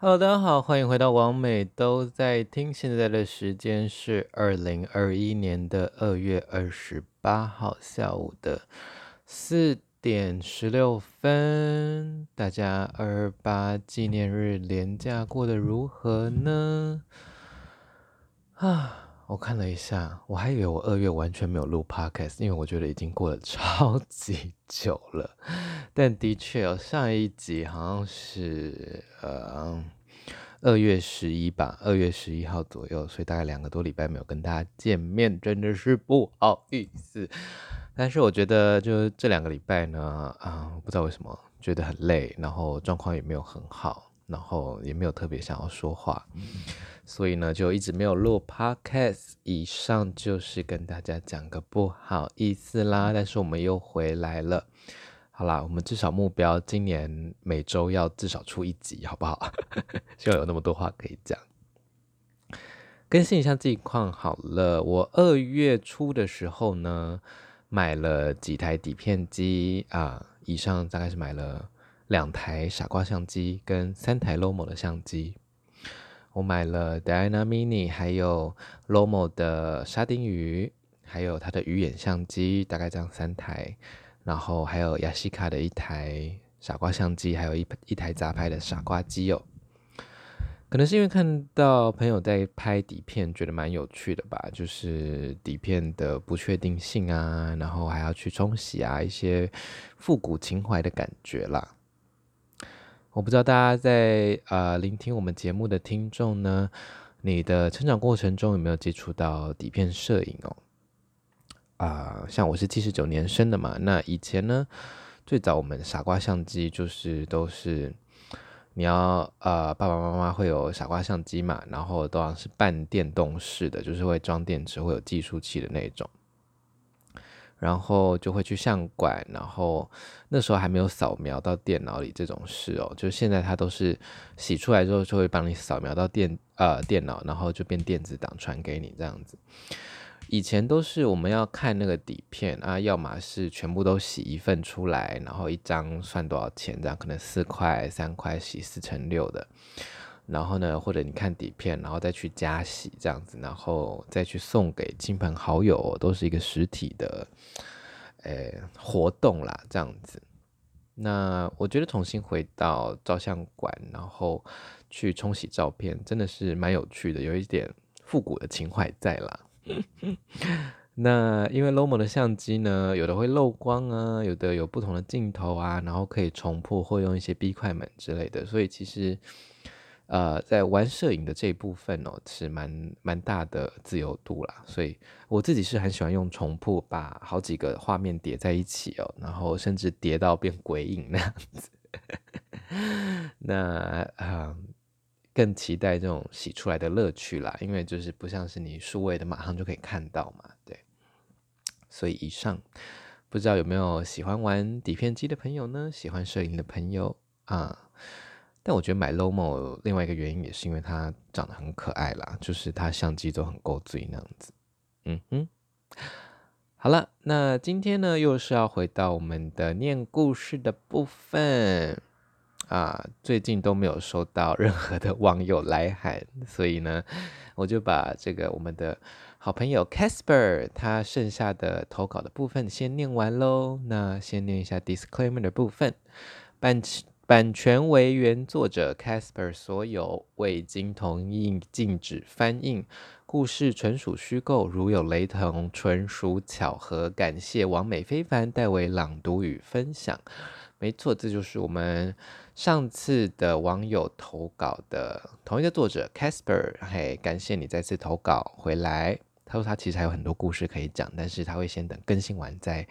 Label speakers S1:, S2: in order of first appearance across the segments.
S1: Hello，大家好，歡迎回到網美都在聽。現在的時間是二零二一年的二月二十八號下午的四點十六分。大家二二八紀念日連假過得如何呢？啊！我看了一下，我還以為我二月完全沒有錄 podcast，因為我覺得已經過了超級久了。但的確，哦，上一集好像是呃二月十一吧，二月十一號左右，所以大概兩個多禮拜沒有跟大家見面，真的是不好意思。但是我覺得，就這兩個禮拜呢，啊、呃，不知道為什麼覺得很累，然後狀況也沒有很好。然後也沒有特別想要說話，嗯、所以呢，就一直沒有錄 podcast。以上就是跟大家講個不好意思啦，但是我們又回來了。好啦，我們至少目標今年每周要至少出一集，好不好？ 希望有那麼多話可以講。更新一下近況好了，我二月初的時候呢，買了幾台底片機啊，以上大概是買了，兩台傻瓜相機跟三台 Lomo 的相機，我買了 Diana Mini，還有 Lomo 的沙丁魚，還有它的魚眼相機，大概這樣三台，然後還有雅西卡的一台傻瓜相機，還有一一台雜牌的傻瓜機哦。可能是因為看到朋友在拍底片，覺得蠻有趣的吧，就是底片的不確定性啊，然後還要去沖洗啊，一些復古情懷的感覺啦。我不知道大家在呃聆聽我們節目的聽眾呢，你的成長過程中有沒有接觸到底片攝影哦？啊、呃，像我是七十九年生的嘛，那以前呢，最早我們傻瓜相機就是都是你要呃爸爸媽媽會有傻瓜相機嘛，然後都是半電動式的，就是會裝電池會有計數器的那一種。然後就會去相館，然後那時候還沒有掃描到電腦裡這種事哦，就現在他都是洗出來之後就會幫你掃描到電呃電腦，然後就變電子檔傳給你這樣子。以前都是我們要看那個底片啊，要麼是全部都洗一份出來，然後一張算多少錢這樣，可能四塊三塊，洗四乘六的。然後呢，或者你看底片，然後再去加洗這樣子，然後再去送給親朋好友哦，都是一個實體的，誒，活動啦，這樣子。那我覺得重新回到照相館，然後去沖洗照片，真的是蠻有趣的，有一點復古的情懷在啦。 那因為 Lomo 的相機呢，有的會漏光啊，有的有不同的鏡頭啊，然後可以重曝或用一些 B 快門之類的，所以其實。呃，在玩攝影的這一部分哦，是蠻蠻大的自由度啦，所以我自己是很喜歡用重曝把好幾個畫面疊在一起哦，然後甚至疊到變鬼影那樣子。 那、嗯、更期待這種洗出來的樂趣啦，因為就是不像是你數位的馬上就可以看到嘛，對。所以以上不知道有沒有喜歡玩底片機的朋友呢？喜歡攝影的朋友啊。嗯但我覺得買 Lomo 另外一個原因也是因為它長得很可愛啦，就是它相機都很古錐那樣子。嗯哼，好了，那今天呢又是要回到我們的念故事的部分啊，最近都沒有收到任何的網友來函，所以呢我就把這個我們的好朋友 Casper 他剩下的投稿的部分先念完嘍。那先念一下 Disclaimer 的部分。版權為原作者 Casper 所有，未經同意禁止翻印。故事純屬虛構，如有雷同，純屬巧合。感謝網美飛帆代為朗讀與分享。沒錯，這就是我們上次的網友投稿的同一個作者 Casper。嘿，感謝你再次投稿回來。他說他其實還有很多故事可以講，但是他會先等更新完再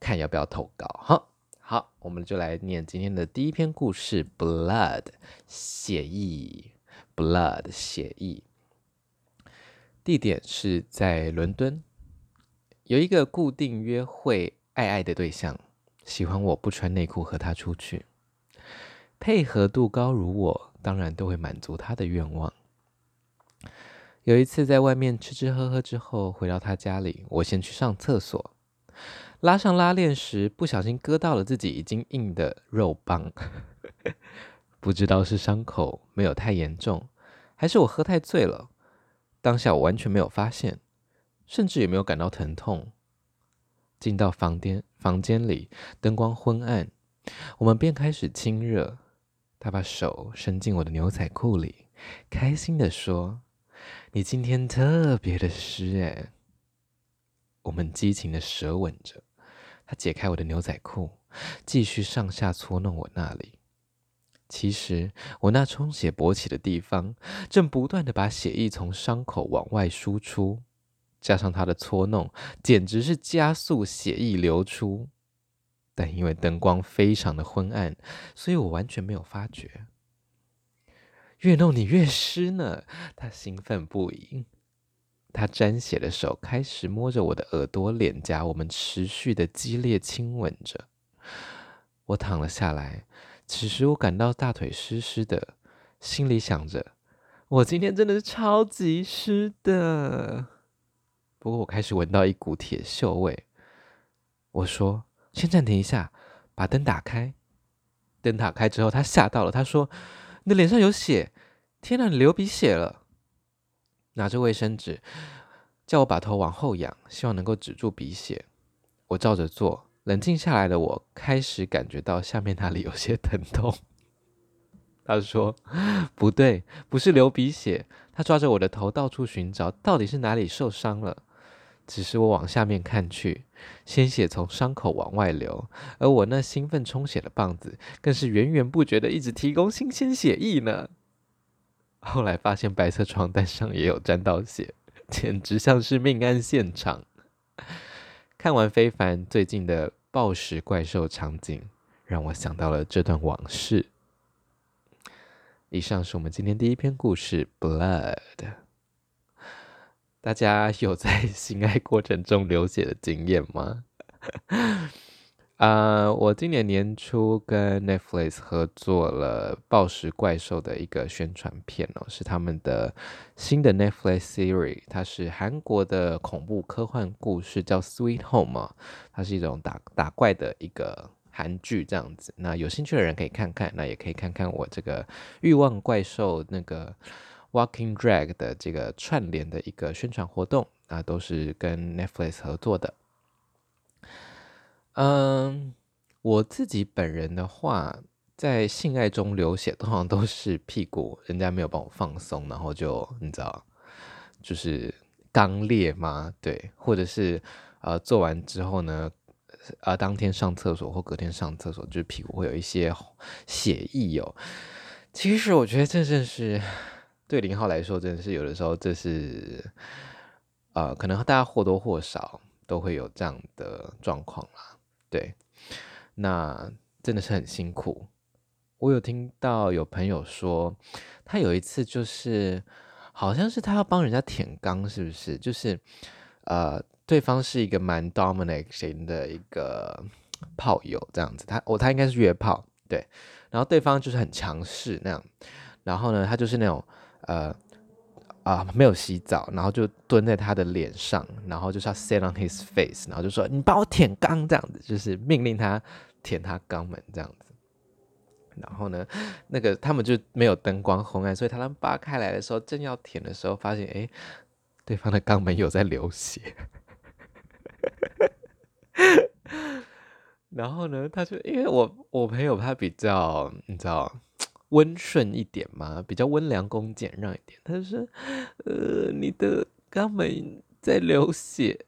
S1: 看要不要投稿。哈！好，我們就來念今天的第一篇故事。Blood 血液，Blood 血液。地點是在倫敦，有一個固定約會愛愛的對象，喜歡我不穿內褲和他出去，配合度高如我，當然都會滿足他的願望。有一次在外面吃吃喝喝之後，回到他家裡，我先去上廁所。拉上拉鏈時，不小心割到了自己已經硬的肉棒， 不知道是傷口沒有太嚴重，還是我喝太醉了，當下我完全沒有發現，甚至也沒有感到疼痛。進到房間，房間裡，燈光昏暗，我們便開始親熱。他把手伸進我的牛仔褲裡，開心的說：“你今天特別的濕耶。”我們激情的舌吻着。他解開我的牛仔褲，繼續上下搓弄我那裡。其實我那充血勃起的地方正不斷的把血液從傷口往外輸出，加上他的搓弄，簡直是加速血液流出。但因為燈光非常的昏暗，所以我完全沒有發覺。越弄你越濕呢，他興奮不已。他沾血的手開始摸着我的耳朵、臉頰，我們持續的激烈親吻着。我躺了下來，此時我感到大腿濕濕的，心裡想着：我今天真的是超級濕的。不過我開始聞到一股鐵鏽味。我說：“先暫停一下，把燈打開。”燈打開之後，他嚇到了，他說：“你的臉上有血！天吶，流鼻血了！”拿着衛生紙，叫我把頭往後仰，希望能夠止住鼻血。我照着做，冷靜下來的我開始感覺到下面那裡有些疼痛。 他說：“ 不對，不是流鼻血。”他抓着我的頭到處尋找，到底是哪裡受傷了？只是我往下面看去，鮮血從傷口往外流，而我那興奮充血的棒子更是源源不絕的一直提供新鮮血液呢。後來發現白色床單上也有沾到血，簡直像是命案現場。看完飛帆最近的暴食怪獸場景，讓我想到了這段往事。以上是我們今天第一篇故事《Blood》。大家有在性愛過程中流血的經驗嗎？ 呃，uh，我今年年初跟 Netflix 合作了《暴食怪獸》的一個宣傳片哦，是他們的新的 Netflix series，它是韓國的恐怖科幻故事，叫《Sweet Home》哦，它是一種打打怪的一個韓劇這樣子。那有興趣的人可以看看，那也可以看看我這個慾望怪獸那個《Walking Drag》的這個串聯的一個宣傳活動，那，呃，都是跟 Netflix 合作的。嗯，我自己本人的話，在性愛中流血，通常都是屁股，人家沒有幫我放鬆，然後就你知道，就是肛裂嗎？對，或者是呃做完之後呢，呃，當天上廁所或隔天上廁所，就是屁股會有一些血液喔。其實我覺得這件事對零號來說，真的是有的時候這是，呃，可能大家或多或少都會有這樣的狀況啦。對，那真的是很辛苦。我有聽到有朋友說，他有一次就是，好像是他要幫人家舔缸，是不是？就是，呃，對方是一個蠻 dominic 型的一個炮友這樣子。他哦，他應該是約炮，對。然後對方就是很強勢那樣，然後呢，他就是那種呃。啊，uh，沒有洗澡，然後就蹲在他的臉上，然後就是要 sit on his face，然後就說你幫我舔肛這樣子，就是命令他舔他肛門這樣子。然後呢，那個他們就沒有燈光昏暗，所以他們扒開來的時候，正要舔的時候，發現哎，對方的肛門有在流血。 然後呢，他就因為我我朋友他比較你知道。溫順一點嘛，比較溫良恭儉讓一點。他就說：“呃，你的肛門在流血。”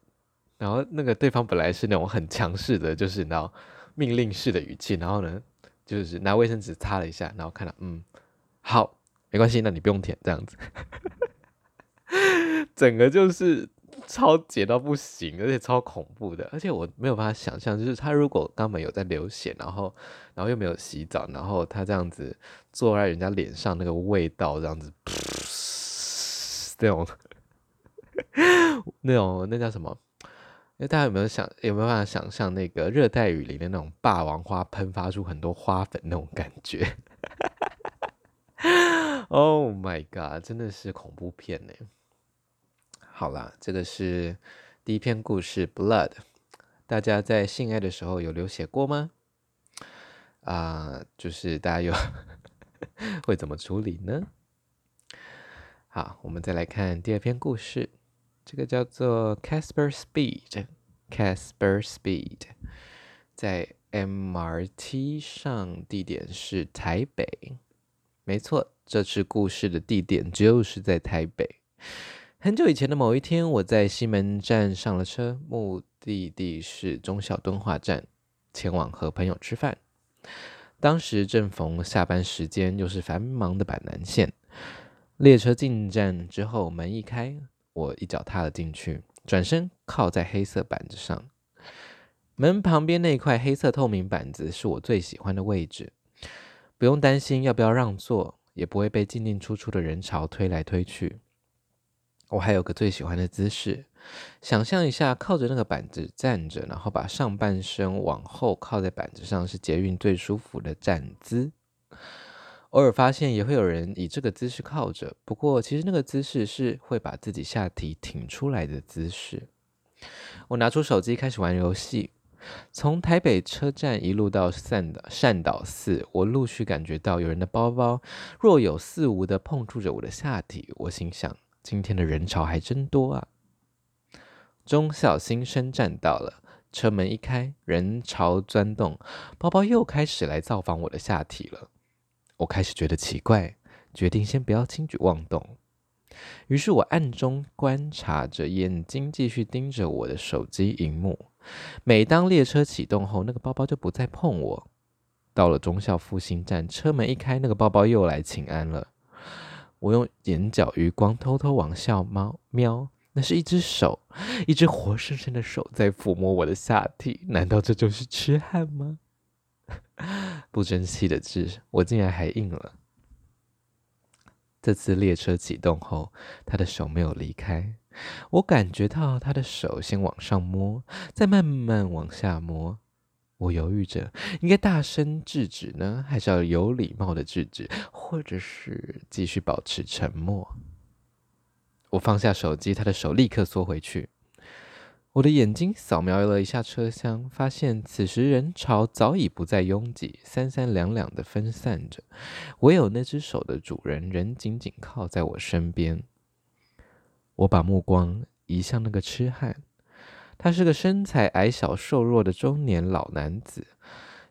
S1: 然後那個對方本來是那種很強勢的，就是然後命令式的語氣。然後呢，就是拿衛生紙擦了一下，然後看到，嗯，好，沒關係，那你不用舔這樣子。 整個就是。超解到不行，而且超恐怖的，而且我沒有辦法想象，就是他如果肛門有在流血，然後，然後又沒有洗澡，然後他這樣子坐在人家臉上，那個味道這樣子，那種， 那種那叫什麼？那大家有沒有想，欸、有沒有辦法想象那個熱帶雨林的那種霸王花噴發出很多花粉那種感覺 ？Oh my god，真的是恐怖片呢、欸。好啦，這個是第一篇故事《Blood》，大家在性愛的時候有流血過嗎？啊、呃，就是大家有 會怎麼處理呢？好，我們再來看第二篇故事，這個叫做《Casper Speed》，Casper Speed，在 MRT 上，地點是台北。沒錯，這次故事的地點就是在台北。很久以前的某一天，我在西門站上了車，目的地是忠孝敦化站，前往和朋友吃飯。當時正逢下班時間，又是繁忙的板南線。列車進站之後，門一開，我一腳踏了進去，轉身靠在黑色板子上。門旁邊那塊黑色透明板子是我最喜歡的位置，不用擔心要不要讓座，也不會被進進出出的人潮推來推去。我還有個最喜歡的姿勢，想象一下靠着那個板子站着，然後把上半身往後靠在板子上，是捷運最舒服的站姿。偶爾發現也會有人以這個姿勢靠着，不過其實那個姿勢是會把自己下體挺出來的姿勢。我拿出手機開始玩遊戲，從台北車站一路到善導寺，我陸續感覺到有人的包包若有似無地碰觸着我的下體，我心想。今天的人潮還真多啊！忠孝新生站到了，車門一開，人潮鑽動，包包又開始來造訪我的下體了。我開始覺得奇怪，決定先不要輕舉妄動。於是我暗中觀察着，眼睛繼續盯着我的手機熒幕。每當列車啟動後，那個包包就不再碰我。到了忠孝復興站，車門一開，那個包包又來請安了。我用眼角餘光偷偷往下瞄，那是一隻手，一隻活生生的手在撫摸我的下體。難道這就是癡漢嗎？ 不爭氣的是，我竟然還硬了。這次列車啟動後，他的手沒有離開，我感覺到他的手先往上摸，再慢慢往下摸。我猶豫着，應該大聲制止呢，還是要有禮貌的制止，或者是繼續保持沉默？我放下手機，他的手立刻縮回去。我的眼睛掃描了一下車廂，發現此時人潮早已不再擁擠，三三兩兩的分散着，唯有那只手的主人仍緊緊靠在我身邊。我把目光移向那個痴漢。他是個身材矮小、瘦弱的中年老男子，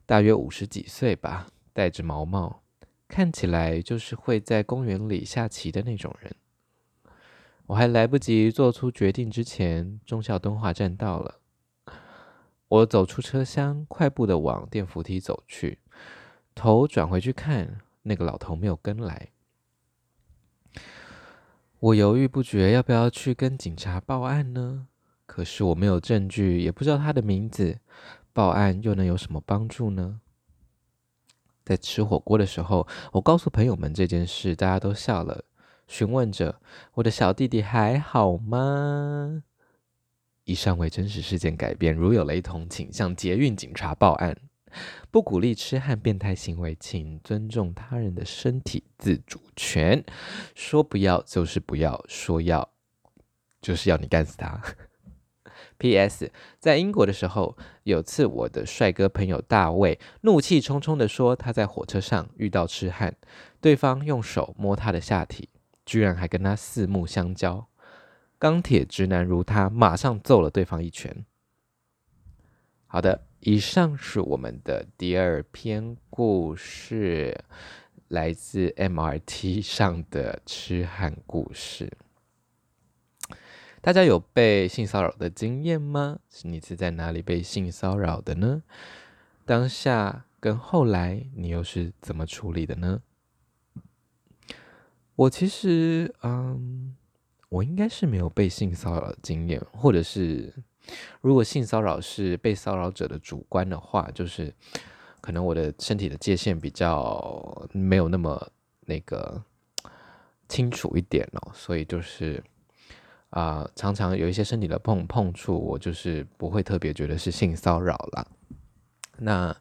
S1: 大約五十幾歲吧，戴着毛帽，看起來就是會在公園裡下棋的那種人。我還來不及做出決定之前，忠孝敦化站到了。我走出車廂，快步的往電扶梯走去，頭轉回去看，那個老頭沒有跟來。我猶豫不決，要不要去跟警察報案呢？可是我沒有證據，也不知道他的名字，報案又能有什麼幫助呢？在吃火鍋的時候，我告訴朋友們這件事，大家都笑了，詢問着我的小弟弟還好嗎？以上為真實事件改編，如有雷同，請向捷運警察報案。不鼓勵癡漢變態行為，請尊重他人的身體自主權。說不要就是不要，說要就是要你幹死他。P.S. 在英國的時候，有次我的帥哥朋友大衛怒氣沖沖地說，他在火車上遇到癡漢，對方用手摸他的下體，居然還跟他四目相交。鋼鐵直男如他，馬上揍了對方一拳。好的，以上是我們的第二篇故事，來自 MRT 上的癡漢故事。大家有被性騷擾的經驗嗎？是你是在哪裡被性騷擾的呢？當下跟後來，你又是怎麼處理的呢？我其實，嗯，我應該是沒有被性騷擾的經驗，或者是，如果性騷擾是被騷擾者的主觀的話，就是可能我的身體的界限比較沒有那麼那個清楚一點哦，所以就是。啊、呃，常常有一些身體的碰碰觸，我就是不會特別覺得是性騷擾啦。那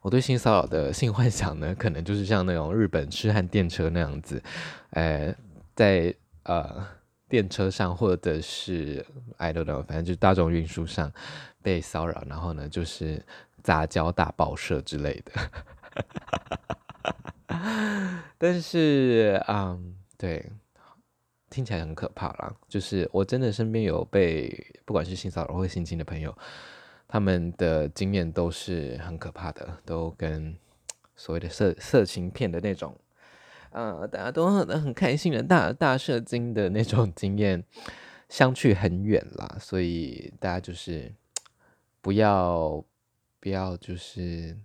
S1: 我對性騷擾的性幻想呢，可能就是像那種日本癡漢電車那樣子，哎、呃，在呃電車上或者是 I don't know，反正就是大眾運輸上被騷擾，然後呢就是雜交大爆射之類的。 但是，嗯，對。聽起來很可怕啦，就是我真的身邊有被不管是性騷擾或性侵的朋友，他們的經驗都是很可怕的，都跟所謂的色色情片的那種，呃，大家都很很開心的大大射精的那種經驗相去很遠啦，所以大家就是不要不要就是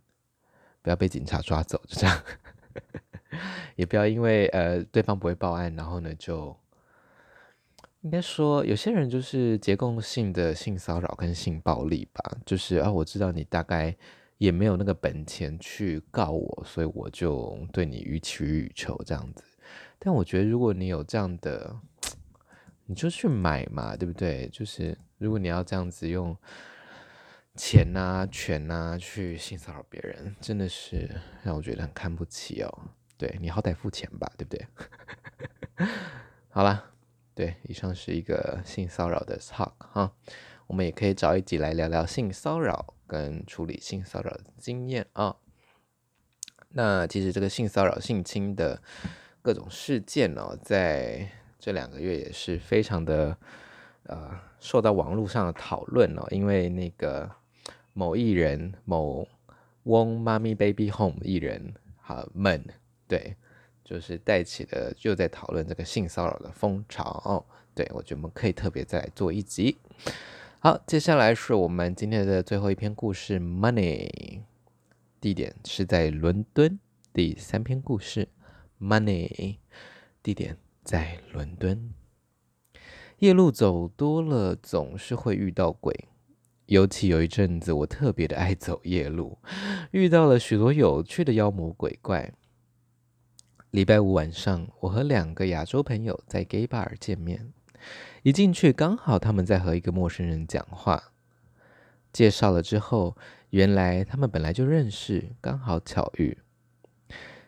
S1: 不要被警察抓走，就這樣， 也不要因為呃對方不會報案，然後呢就。應該說，有些人就是結構性的性騷擾跟性暴力吧，就是啊，我知道你大概也沒有那個本錢去告我，所以我就對你予取予求這樣子。但我覺得，如果你有這樣的，你就去買嘛，對不對？就是如果你要這樣子用錢呐、啊、權吶、啊、去性騷擾別人，真的是讓我覺得很看不起哦。對，你好歹付錢吧，對不對？ 好吧。對，以上是一個性騷擾的 talk 哈，我們也可以找一集來聊聊性騷擾跟處理性騷擾的經驗啊、哦。那其實這個性騷擾、性侵的各種事件哦，在這兩個月也是非常的呃受到網絡上的討論哦，因為那個某藝人、某翁媽咪、baby home 藝人哈們、啊、對。就是帶起的，又在討論這個性騷擾的風潮哦。對，我覺得我們可以特別再來做一集。好，接下來是我們今天的最後一篇故事，Money。地點是在倫敦。第三篇故事，Money。地點在倫敦。夜路走多了，總是會遇到鬼。尤其有一陣子，我特別的愛走夜路，遇到了許多有趣的妖魔鬼怪。禮拜五晚上，我和兩個亞洲朋友在 gay bar 見面。一進去，剛好他們在和一個陌生人講話。介紹了之後，原來他們本來就認識，剛好巧遇。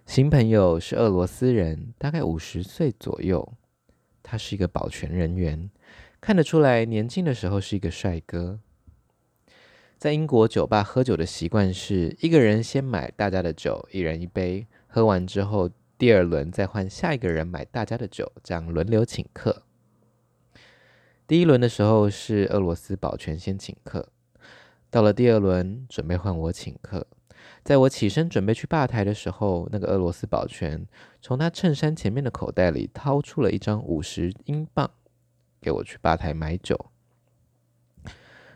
S1: 新朋友是俄羅斯人，大概五十歲左右。他是一個保全人員，看得出來年輕的時候是一個帥哥。在英國酒吧喝酒的習慣是，一個人先買大家的酒，一人一杯，喝完之後。第二輪再換下一個人買大家的酒，這樣輪流請客。第一輪的時候是俄羅斯保全先請客，到了第二輪準備換我請客。在我起身準備去吧台的時候，那個俄羅斯保全從他襯衫前面的口袋裡掏出了一張五十英鎊，給我去吧台買酒。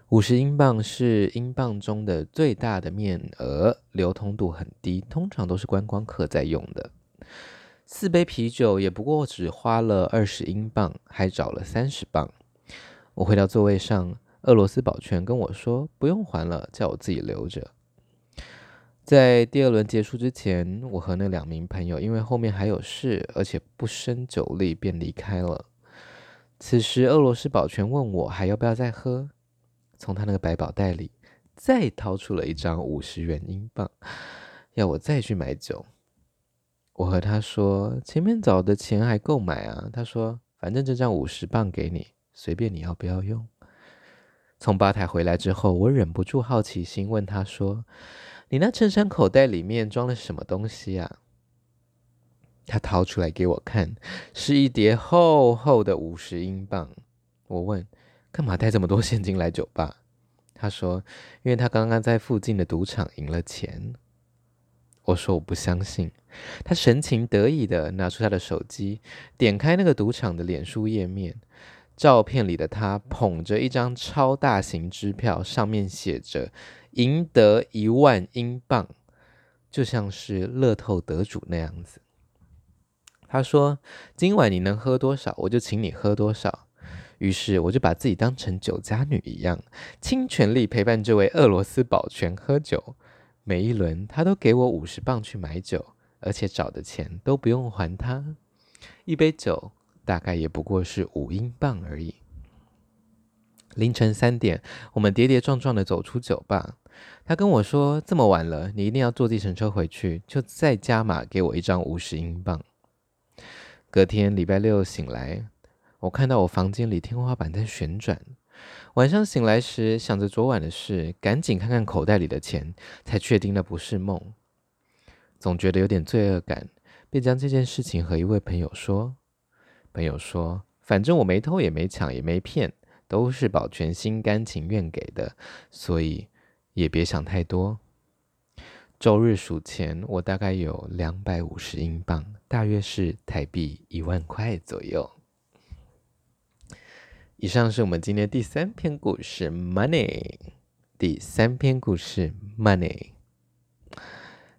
S1: 五十英鎊是英鎊中的最大的面額，流通度很低，通常都是觀光客在用的。四杯啤酒也不過只花了二十英鎊，還找了三十鎊。我回到座位上，俄羅斯保全跟我說：“不用還了，叫我自己留着。”在第二輪結束之前，我和那兩名朋友因為後面還有事，而且不勝酒力，便離開了。此時，俄羅斯保全問我還要不要再喝，從他那個百寶袋裡再掏出了一張五十元英鎊，要我再去買酒。我和他說：“前面找的錢還夠買啊。”他說：“反正這張五十鎊給你，隨便你要不要用。”從吧台回來之後，我忍不住好奇心問他說：“你那襯衫口袋裡面裝了什麼東西呀、啊？”他掏出來給我看，是一疊厚厚的五十英鎊。我問：“幹嘛帶這麼多現金來酒吧？”他說：“因為他剛剛在附近的賭場贏了錢。”我說我不相信。他神情得意地拿出他的手機，點開那個賭場的臉書頁面，照片裡的他捧着一張超大型支票，上面寫着“贏得一萬英鎊”，就像是樂透得主那樣子。他說：“今晚你能喝多少，我就請你喝多少。”於是我就把自己當成酒家女一樣，傾全力陪伴這位俄羅斯保全喝酒。每一輪他都給我五十磅去買酒，而且找的錢都不用還他。一杯酒大概也不過是五英鎊而已。凌晨三點，我們跌跌撞撞地走出酒吧，他跟我說：“這麼晚了，你一定要坐計程車回去，就再加碼給我一張五十英鎊。”隔天禮拜六醒來，我看到我房間裡天花板在旋轉。晚上醒來時，想着昨晚的事，趕緊看看口袋裡的錢，才確定那不是夢。總覺得有點罪惡感，便將這件事情和一位朋友說。朋友說：“反正我沒偷，也沒搶，也沒騙，都是保全心甘情願給的，所以也別想太多。”周日數錢，我大概有兩百五十英鎊，大約是台幣一萬塊左右。以上是我們今天的第三篇故事，Money。第三篇故事，Money。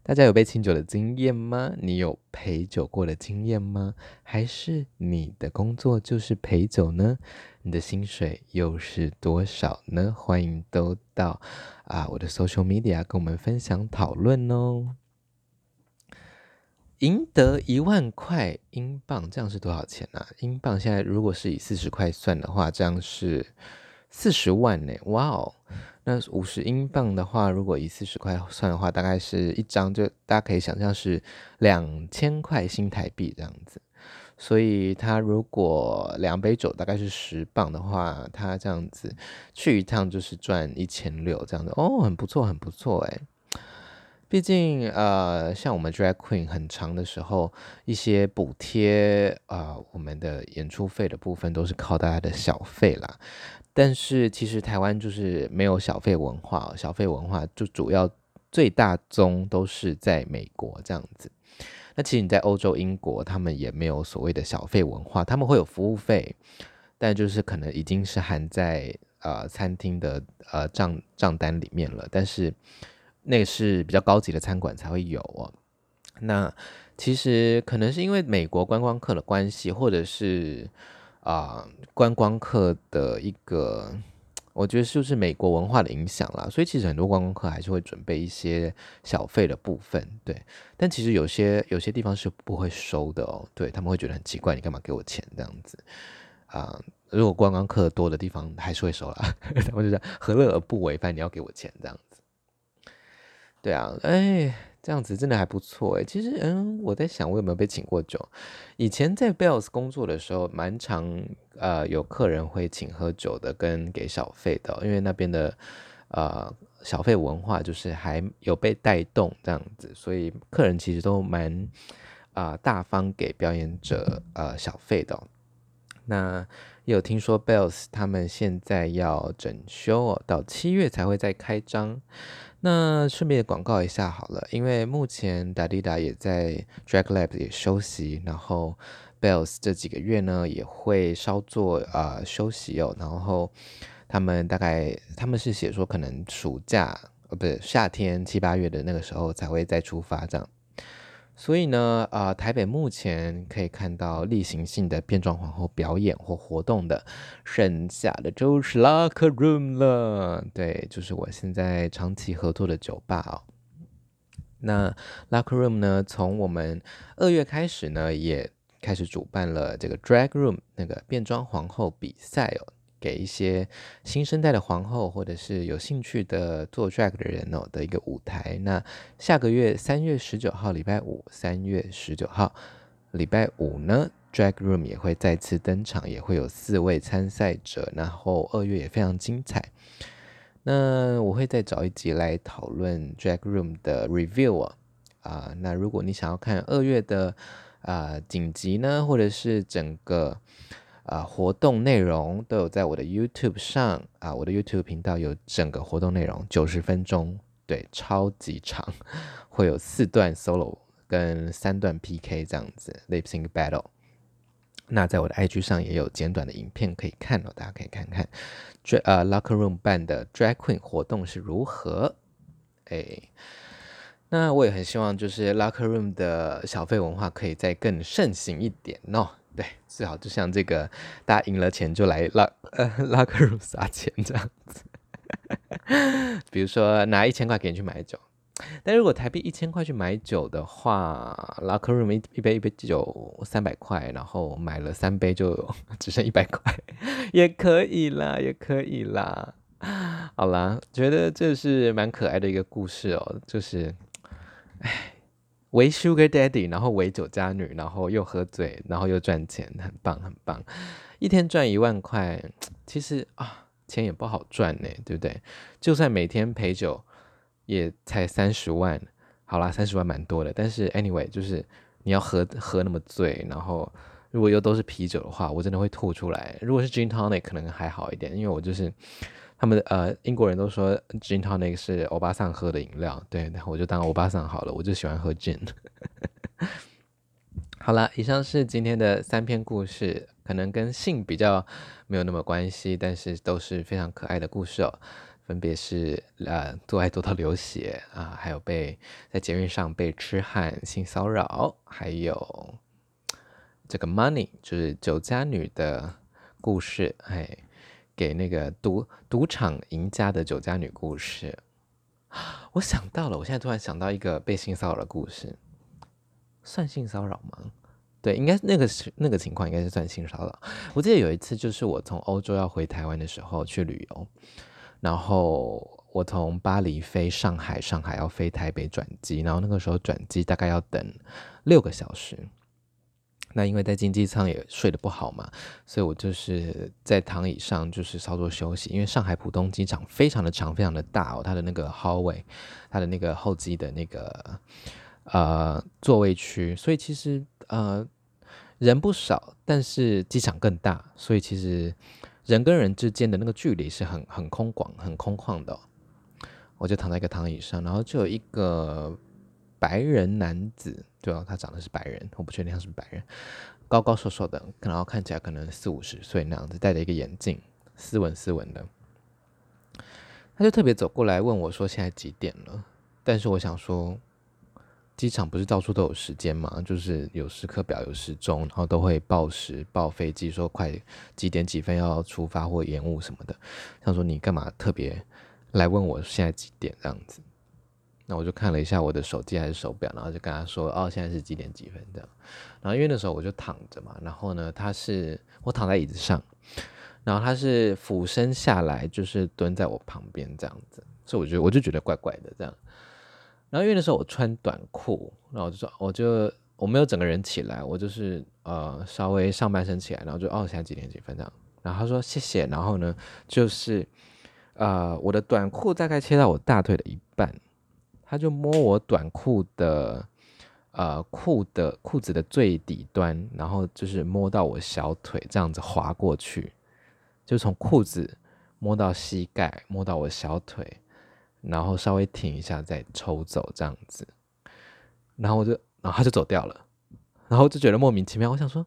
S1: 大家有被請酒的經驗嗎？你有陪酒過的經驗嗎？還是你的工作就是陪酒呢？你的薪水又是多少呢？歡迎都到啊我的 social media 跟我們分享討論哦。贏得一萬塊英鎊，這樣是多少錢啊？英鎊現在如果是以四十塊算的話，這樣是四十萬，欸、哇哦，那五十英鎊的話，如果以四十塊算的話，大概是一張就大家可以想象是兩千塊新台幣這樣子。所以他如果兩杯酒大概是十鎊的話，他這樣子去一趟就是賺一千六這樣子哦，很不錯，很不錯哎、欸。畢竟，呃，像我們 Drag Queen 很長的時候，一些補貼啊，呃，我們的演出費的部分都是靠大家的小費啦。但是其實台灣就是沒有小費文化哦，小費文化就主要最大宗都是在美國這樣子。那其實你在歐洲、英國，他們也沒有所謂的小費文化，他們會有服務費，但就是可能已經是含在呃餐廳的呃賬賬單裡面了，但是。那是比較高級的餐館才會有哦。那其實可能是因為美國觀光客的關係，或者是啊、呃、觀光客的一個，我覺得是不是美國文化的影響啦。所以其實很多觀光客還是會準備一些小費的部分，對。但其實有些有些地方是不會收的哦，對他們會覺得很奇怪，你幹嘛給我錢這樣子啊、呃？如果觀光客多的地方還是會收啦， 他們就這樣，何樂而不為，反正你要給我錢這樣。對啊，哎，這樣子真的還不錯哎。其實，嗯，我在想我有沒有被請過酒。以前在 Bells 工作的時候，蠻常呃有客人會請喝酒的，跟給小費的、哦，因為那邊的呃小費文化就是還有被帶動這樣子，所以客人其實都蠻啊、呃、大方給表演者呃小費的、哦。那。也有聽說 Bells 他們現在要整修哦，到七月才會再開張。那順便廣告一下好了，因為目前 Dadida 也在 Drag Lab 也休息，然後 Bells 這幾個月呢也會稍作啊、呃、休息哦，然後他們大概他們是寫說可能暑假哦，不是夏天七八月的那個時候才會再出發這樣。所以呢，啊、呃，台北目前可以看到例行性的變裝皇後表演或活動的，剩下的就是 Locker Room 了。對，就是我現在長期合作的酒吧哦。那 Locker Room 呢，從我們二月開始呢，也開始主辦了這個 Drag Room 那個變裝皇后比賽哦。給一些新生代的皇後，或者是有興趣的做 drag 的人哦的一個舞台。那下個月三月十九號禮拜五，三月十九號禮拜五呢，drag room 也會再次登場，也會有四位參賽者。然後二月也非常精彩。那我會再找一集來討論 drag room 的 review 啊、哦。啊、呃，那如果你想要看二月的啊錦集呢，或者是整個。啊、呃，活動內容都有在我的 YouTube 上啊、呃，我的 YouTube 頻道有整個活動內容，九十分鐘，對，超級長，會有四段 solo 跟三段 PK 這樣子 lip sync battle。那在我的 IG 上也有簡短的影片可以看哦，大家可以看看。Dra、呃，Locker Room 辦的 Drag Queen 活動是如何？哎，那我也很希望就是 Locker Room 的小費文化可以再更盛行一點哦。對，最好就像這個，大家贏了錢就來拉呃 Locker Room 撒錢這樣子。 比如說拿一千塊給你去買酒，但如果台幣一千塊去買酒的話，Locker Room 一一杯一杯酒三百塊，然後買了三杯就只剩一百塊， 也可以啦，也可以啦。好啦，覺得這是蠻可愛的一個故事哦，就是，唉。為 sugar daddy，然後為酒家女，然後又喝醉，然後又賺錢，很棒很棒，一天賺一萬塊，其實啊，錢也不好賺呢，對不對？就算每天陪酒，也才三十萬。好啦，三十萬蠻多的，但是 anyway，就是你要喝喝那麼醉，然後如果又都是啤酒的話，我真的會吐出來。如果是 gin tonic，可能還好一點，因為我就是。他們呃，英國人都說 gin tonic 是歐巴桑喝的飲料，對，然後我就當歐巴桑好了，我就喜歡喝 gin。 好了，以上是今天的三篇故事，可能跟性比較沒有那麼關係，但是都是非常可愛的故事哦。分別是呃，做愛做到流血啊、呃，還有被在捷運上被痴漢性騷擾，還有這個 money 就是酒家女的故事，嘿。給那個賭賭場贏家的酒家女故事。我想到了，我現在突然想到一個被性騷擾的故事，算性騷擾嗎？對，應該那個是那個情況，應該是算性騷擾。我記得有一次，就是我從歐洲要回台灣的時候去旅遊，然後我從巴黎飛上海，上海要飛台北轉機，然後那個時候轉機大概要等六個小時。那因為在經濟艙也睡得不好嘛，所以我就是在躺椅上就是稍作休息。因為上海浦東機場非常的長，非常的大哦，它的那個 hallway，它的那個候機的那個呃座位區，所以其實呃人不少，但是機場更大，所以其實人跟人之間的那個距離是很很空廣、很空曠的哦。我就躺在一個躺椅上，然後就有一個。白人男子，對啊，他長得是白人，我不確定他是不是白人，高高瘦瘦的，可能看起來可能四五十歲那樣子，戴着一個眼鏡，斯文斯文的。他就特別走過來問我，說現在幾點了？但是我想說，機場不是到處都有時間嘛，就是有時刻表、有時鐘，然後都會報時、報飛機，說快幾點幾分要出發或延誤什麼的。他說你幹嘛特別來問我現在幾點這樣子？那我就看了一下我的手機還是手表，然後就跟他說：“哦，現在是幾點幾分？”這樣。然後因為那時候我就躺着嘛，然後呢，他是我躺在椅子上，然後他是俯身下來，就是蹲在我旁邊這樣子，所以我覺得我就覺得怪怪的這樣。然後因為那時候我穿短褲，然後我就說我就我沒有整個人起來，我就是呃稍微上半身起來，然後就哦現在幾點幾分這樣。然後他說謝謝，然後呢就是呃我的短褲大概切到我大腿的一半。他就摸我短褲的，呃，褲的褲子的最底端，然後就是摸到我小腿，這樣子滑過去，就從褲子摸到膝蓋，摸到我小腿，然後稍微停一下，再抽走這樣子，然後我就，然後他就走掉了，然後就覺得莫名其妙，我想說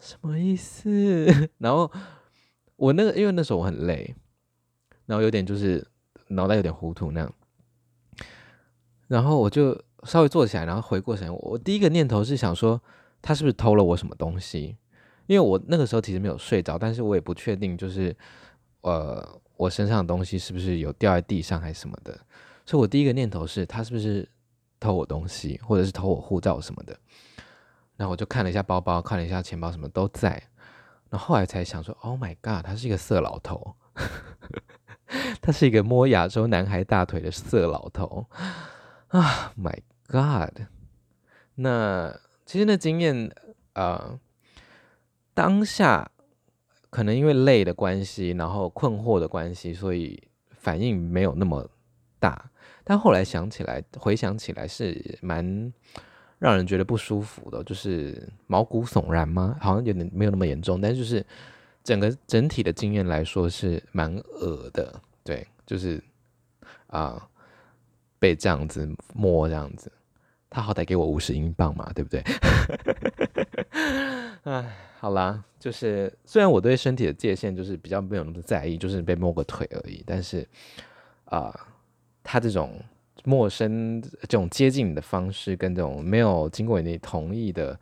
S1: 什麼意思？然後我那個，因為那時候我很累，然後有點就是腦袋有點糊塗那樣。然後我就稍微坐起來，然後回過神，我第一個念頭是想說，他是不是偷了我什麼東西？因為我那個時候其實沒有睡着，但是我也不確定，就是，呃，我身上的東西是不是有掉在地上還是什麼的。所以我第一個念頭是他是不是偷我東西，或者是偷我護照什麼的。然後我就看了一下包包，看了一下錢包，什麼都在。然後後來才想說，Oh my God，他是一個色老頭， 他是一個摸亞洲男孩大腿的色老頭。啊，oh，My God！那其實那經驗，呃，當下可能因為累的關係，然後困惑的關係，所以反應沒有那麼大。但後來想起來，回想起來是蠻讓人覺得不舒服的，就是毛骨悚然嗎？好像有點沒有那麼嚴重，但就是整個整體的經驗來說是蠻惡的。對，就是啊。呃被這樣子摸，這樣子，他好歹給我五十英鎊嘛，對不對？哎， 好啦，就是雖然我對身體的界限就是比較沒有那麼在意，就是被摸個腿而已，但是啊、呃，他這種陌生、這種接近你的方式，跟這種沒有經過你同意的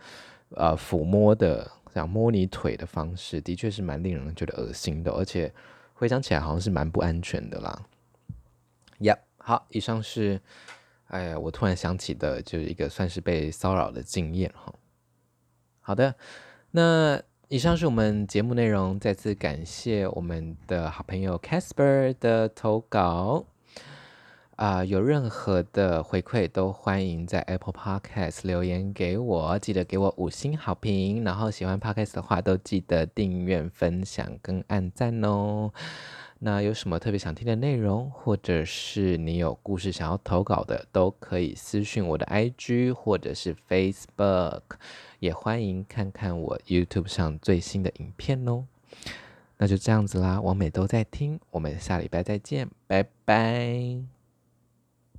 S1: 呃撫摸的，這樣摸你腿的方式，的確是蠻令人覺得噁心的，而且回想起來好像是蠻不安全的啦。Yep. 好，以上是，哎呀，我突然想起的，就是一個算是被騷擾的經驗哈。好的，那以上是我們節目內容。再次感謝我們的好朋友 Casper 的投稿。啊、呃，有任何的回饋都歡迎在 Apple Podcast 留言給我，記得給我五星好評。然後喜歡 Podcast 的話，都記得訂閱、分享跟按讚哦。那有什麼特別想聽的內容，或者是你有故事想要投稿的，都可以私訊我的 IG 或者是 Facebook，也歡迎看看我 YouTube 上最新的影片哦。那就這樣子啦，我每都在聽，我們下禮拜再見，拜拜。